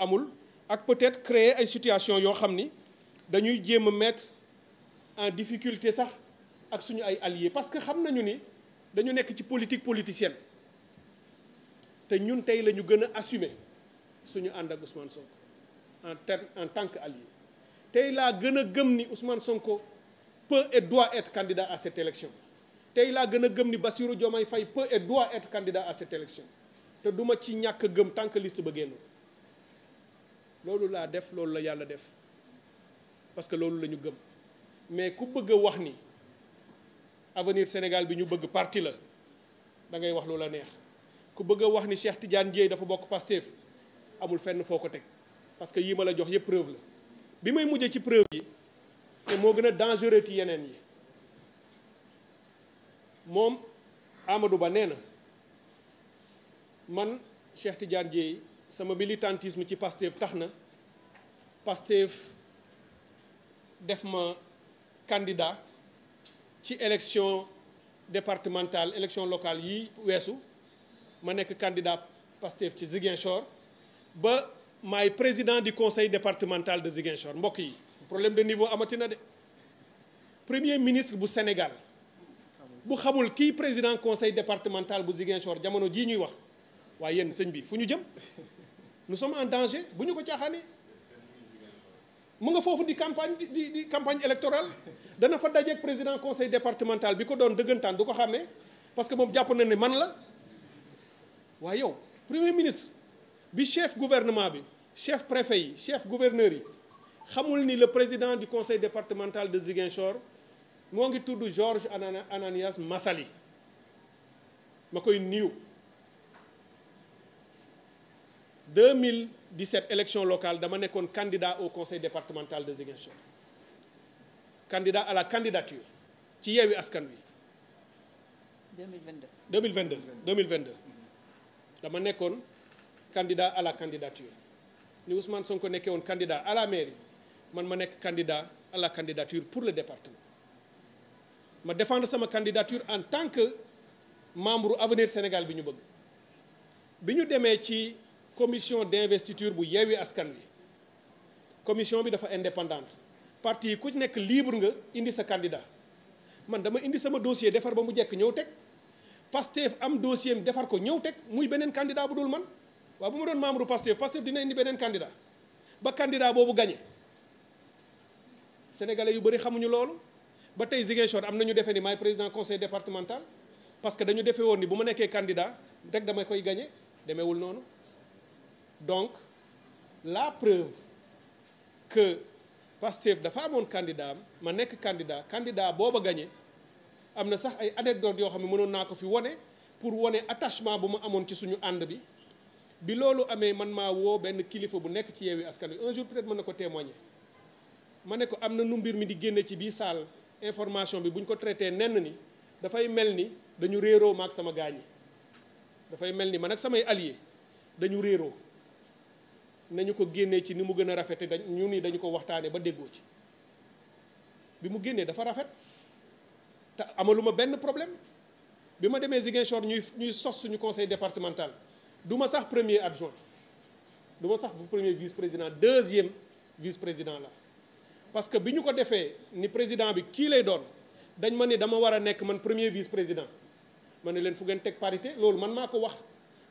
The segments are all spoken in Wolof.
amul ak peut-être créer une situation où xamni dañuy mettre en difficulté sax ak suñu ay alliés parce que xamnañu sommes ni dañu nek ci politique politicienne té ñun tay lañu gëna assumer suñu Ousmane Sonko en terme en tant que allié tey laa gëm ni Ousmane Sonko peut et doit être candidat à cette élection Nous laa gëna gëm ni Bassirou Diomaye peut et doit être candidat à cette élection te duma ci ñak gëm tant que liste ba loolu laa def loolu la yàlla def parce que loolu la ñu gëm mais ku bëgg a wax ni avenir Sénégal bi ñu bëgg parti la da ngay wax lu la neex ku bëgg wax ni Cheikh Tidiane Dièye dafa bokk Pastef amul fenn foo ko teg parce que yii ma la jox yëpp preuve la bi may mujjee ci preuve yi te moo gën a dangereux ci yeneen yi moom Amadou Ba nee na man Cheikh Tidiane Dièye sama militantisme ci Pastef tax na Pastef def candidat ci élection départementale élection locale yi wessu ma suis candidat Pastef ci Ziguinchor ba maay président du conseil départemental de Ziguinchor mbok yi problème de niveau amatina premier ministre du Sénégal bu xamul le président conseil départemental bu Ziguinchor jamono ji ñuy wax waaye yeen sëñ bi fuñu jëm nous sommes en danger vous avez ko mu nga fait di campagne di di campagne électorale dana fa dajé président conseil départemental bi ko doon dëggantaan du ko xàmmee parce que mom fait na man la wa yow premier ministre bi chef gouvernement bi chef préfet yi chef gouverneur yi xamul ni le président du conseil départemental de Ziguinchor mo ngi tudd Georges Ananias Massali makoy niou 2000 17 élections locales dama nekkoon candidat au conseil départemental de Ziguinchor candidat à la candidature ci est Askan Wi. 2022 2022 2022 dama candidat à la candidature ni Ousmane Sonko nekkee candidat à la mairie man ma nekk candidat à la candidature pour le département ma défendre ma candidature en tant que membre Avenir Sénégal du Sénégal. bëgg commission d'investiture bu yeewi askan wi commission bi dafa indépendante parti yi ku nekk libre nga indi sa candidat man dama indi sama dossier defar ba mu jek ñew tek Pastef am dossier am ko ñew tek muy benen candidat bu dul man wa bu mu don membre Pastef Pastef dina indi benen candidat ba candidat bobu gagné sénégalais yu bëri xamuñu loolu ba tay Ziguinchor am nañu défé ni may président conseil départemental parce que dañu défé won ni bu ma nekkee candidat rek dama koy gagné wul nonou donc la preuve que Pastef dafa amone candidat ma nek candidat candidat booba gagné gagner, na sax ay anecdote yo xam mënon mënoon ko fi woné pour woné attachement buma amone ci suñu and bi bi loolu amé man ma wo ben kilifa bu nek ci Yewwi Askan un jour peut-être mën na ko témoigner mané ko amna na nu mi di génne ci bi sal information bi buñ ko traité nenn ni da fay melni dañu réro mak sama gañi da fay melni man ak sama alliés dañu réro nañu ko génnee ci ni mu gën a rafete dañ ñu ni dañu ko waxtaanee ba déggoo ci bi mu génnee dafa rafet te amaluma benn problème bi ma demee Ziguinchor ñuy ñuy sos suñu conseil départemental duma ma sax premier adjoint du ma sax bu premier vice président deuxième vice président la parce que bi ñu ko defee ni président bi kii lay doon dañ ma ni dama war a nekk man premier vice président ma ne leen fu ngeen teg parité loolu man maa ko wax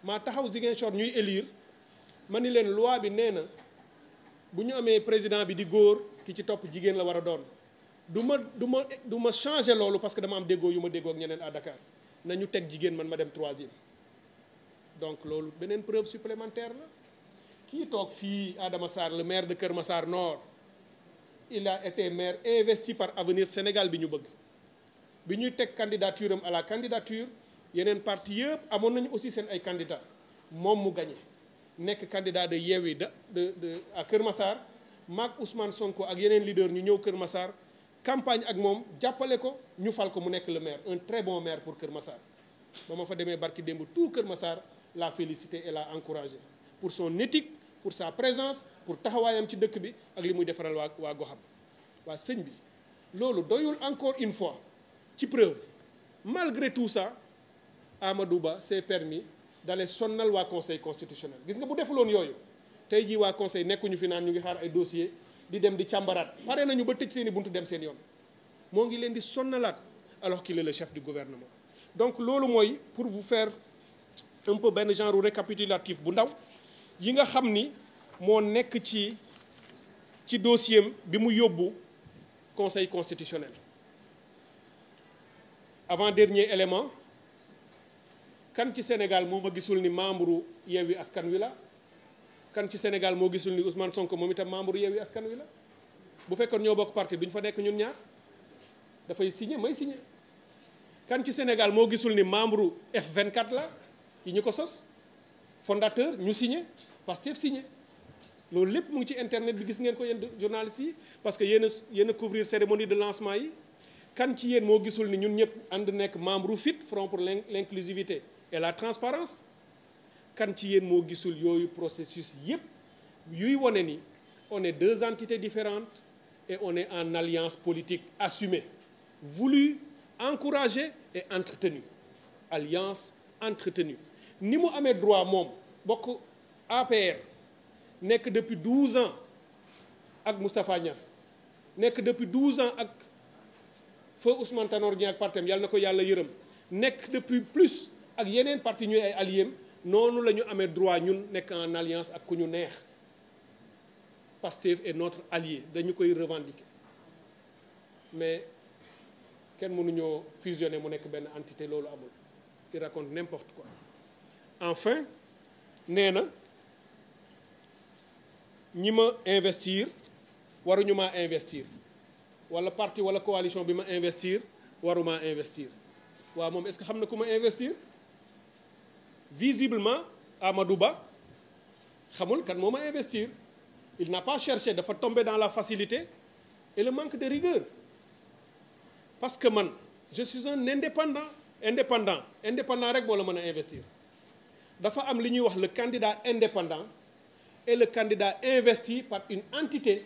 maa taxaw Ziguinchor ñuy élire Mani l'en leen loi bi neena buñu amé président bi di goor ki ci top jigen la wara doon duma duma duma changer lolu parce que dama am dégo yu dégo ak ñeneen à Dakar nañu tek jigen man ma dem 3e donc lolu benen preuve supplémentaire la ki tok fi Adama Sarr le maire de Kër Nord il a été maire investi par Avenir Sénégal bi ñu bëgg bi ñuy candidature am à la candidature yeneen parti yëpp amon nañu aussi seen ay candidats mom mu gagner nekk candidat de Yewwi de da à Kër masaar maak Ousmane Sonko ak yeneen leader ñu ñëw Kër masaar campagne ak moom jàppale ko ñu fal ko mu nekk le maire un très bon maire pour Kër Massar ba ma fa demee barki démb tout Kër Massar la félicité et la encouragé pour son éthique pour sa présence pour taxawaayam ci dëkk bi ak li muy defaral waa waa goxam waa sëñ bi loolu doyul encore une fois ci preuve malgré tout ça Amadou Ba s'est permis dalee sonnal constitutionnels. conseil constitutionnel si vous conseil dossier di dem di nañu ba buntu dem seen yoon alors qu'il est le chef du gouvernement donc pour vous faire un peu genre récapitulatif bu ndaw yi nga dossier bi conseil constitutionnel avant dernier élément kan ci Sénégal moo ma gisul ni membre Yewwi Askan Wi la kan ci Sénégal moo gisul ni Ousmane Sonko moom itam membre Yewwi Askan Wi la bu fekkoon ñoo bokk parti duñ fa nekk ñun ñaar dafay signé mooy signé kan ci Sénégal moo gisul ni membre F24 la yi ñu ko sos fondateur ñu signé Pastef signé loolu lépp mu ngi ci internet bi gis ngeen ko yenn journalistes yi parce que yéen yenn yéen a couvrir cérémonie de lancement yi Quand ci yéen mo gisul ni ñun ñep membre FIT front pour l'inclusivité et la transparence Quand ci yéen mo gisul yoyu processus yep, yuy woné ni on est deux entités différentes et on est en alliance politique assumée voulue encouragée et entretenue alliance entretenue ni mu amé droit mom bokk APR que depuis 12 ans ak Moustapha Niass que depuis 12 ans avec feu Ousmane Tanor Dieng ak partem yalla nako yalla yeureum nek depuis plus ak yenen parti ñuy ay alliés nonu nous amé droit ñun nek en alliance ak ku ñu neex Pastef est notre allié dañu koy revendiquer mais mënu ñoo fusionner mu nek ben entité lolu amul il raconte n'importe quoi enfin néna ñima investir. investir waruñu investir ou le parti ou la coalition qui ma investir waruma investir pas est-ce que vous savez investir visiblement à Madouba, xamul kan moo investir il n'a pas cherché dafa tomber dans la facilité et le manque de rigueur parce que moi, je suis un indépendant indépendant indépendant rek moi, je investir dafa am le candidat indépendant et le candidat investi par une entité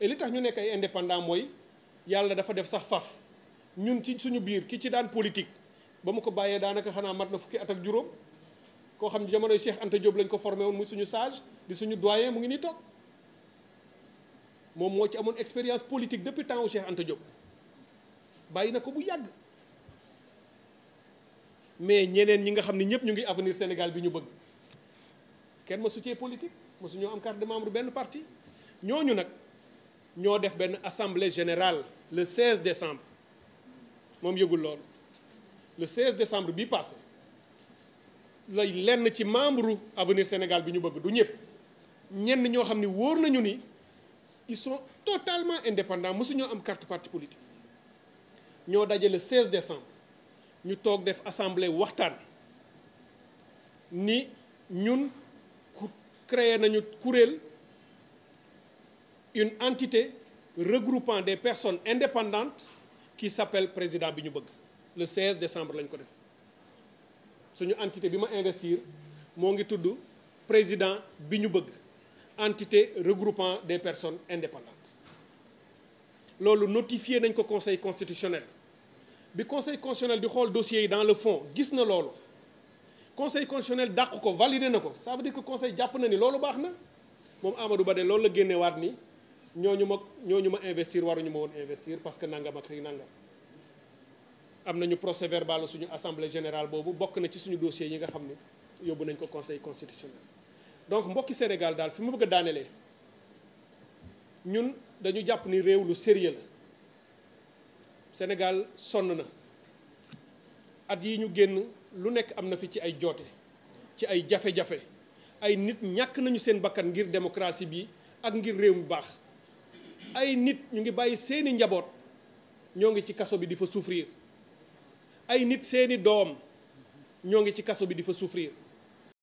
et li tax ñu nekk ay indépendant mooy yàlla dafa def sax faf ñun ci suñu biir ki ci daan politique ba mu ko bàyyee daanaka xanaa mat na fukki at ak juróom koo xam ne jamonoy Cheikh Anta Diop lañ ko formé woon suñu sage di suñu doyen mu ngi nii toog moom moo ci amoon expérience politique depuis temps wu Cheikh Anta Diop bàyyi na ko bu yàgg mais ñeneen ñi nga xam ne ñëpp ñu ngi avenir Sénégal bi ñu bëgg kenn ma su cee politique ma su am carte membre benn partie ñooñu nag. avons def une assemblée générale le 16 décembre moom yëgul loolu le 16 décembre bi passé lay lenn ci membre avenir Sénégal bi ñu bëgg du ñëpp ñenn ils sont totalement indépendants ils ñoo am carte parti politique ñoo daje le 16 décembre ñu fait def assemblée waxtaan Nous ñun créé nañu kuréel une entité regroupant des personnes indépendantes qui s'appelle président Binyubug, le 16 décembre lañ ko def suñu entité qui ma investir mon président Binyubug, entité regroupant des personnes indépendantes avons notifié le conseil constitutionnel Le conseil constitutionnel di rôle dossier dans le fond gis na Le conseil constitutionnel d'accord validé ça veut dire que le conseil japonais na ni loolu Amadou de ñoo ñooñu ma ñu ma investir waruñu ma woon investir parce que nangam ak lii nangam am nañu procès verbal suñu assemblée générale boobu bokk na ci suñu dossier yi nga xam ne yóbbu nañ ko conseil constitutionnel. donc mbokki Sénégal daal fi ma bëgg a ñun dañu jàpp ni réew lu sérieux la Sénégal sonn na at yi ñu génn lu nekk am na fi ci ay joote ci ay jafe-jafe ay nit ñàkk nañu seen bakkan ngir démocratie bi ak ngir réew mu baax. ay nit ñu ngi bàyyi seeni njaboot ñoo ngi ci kaso bi di fa souffrir ay nit seeni doom ñoo ngi ci kaso bi di fa souffrir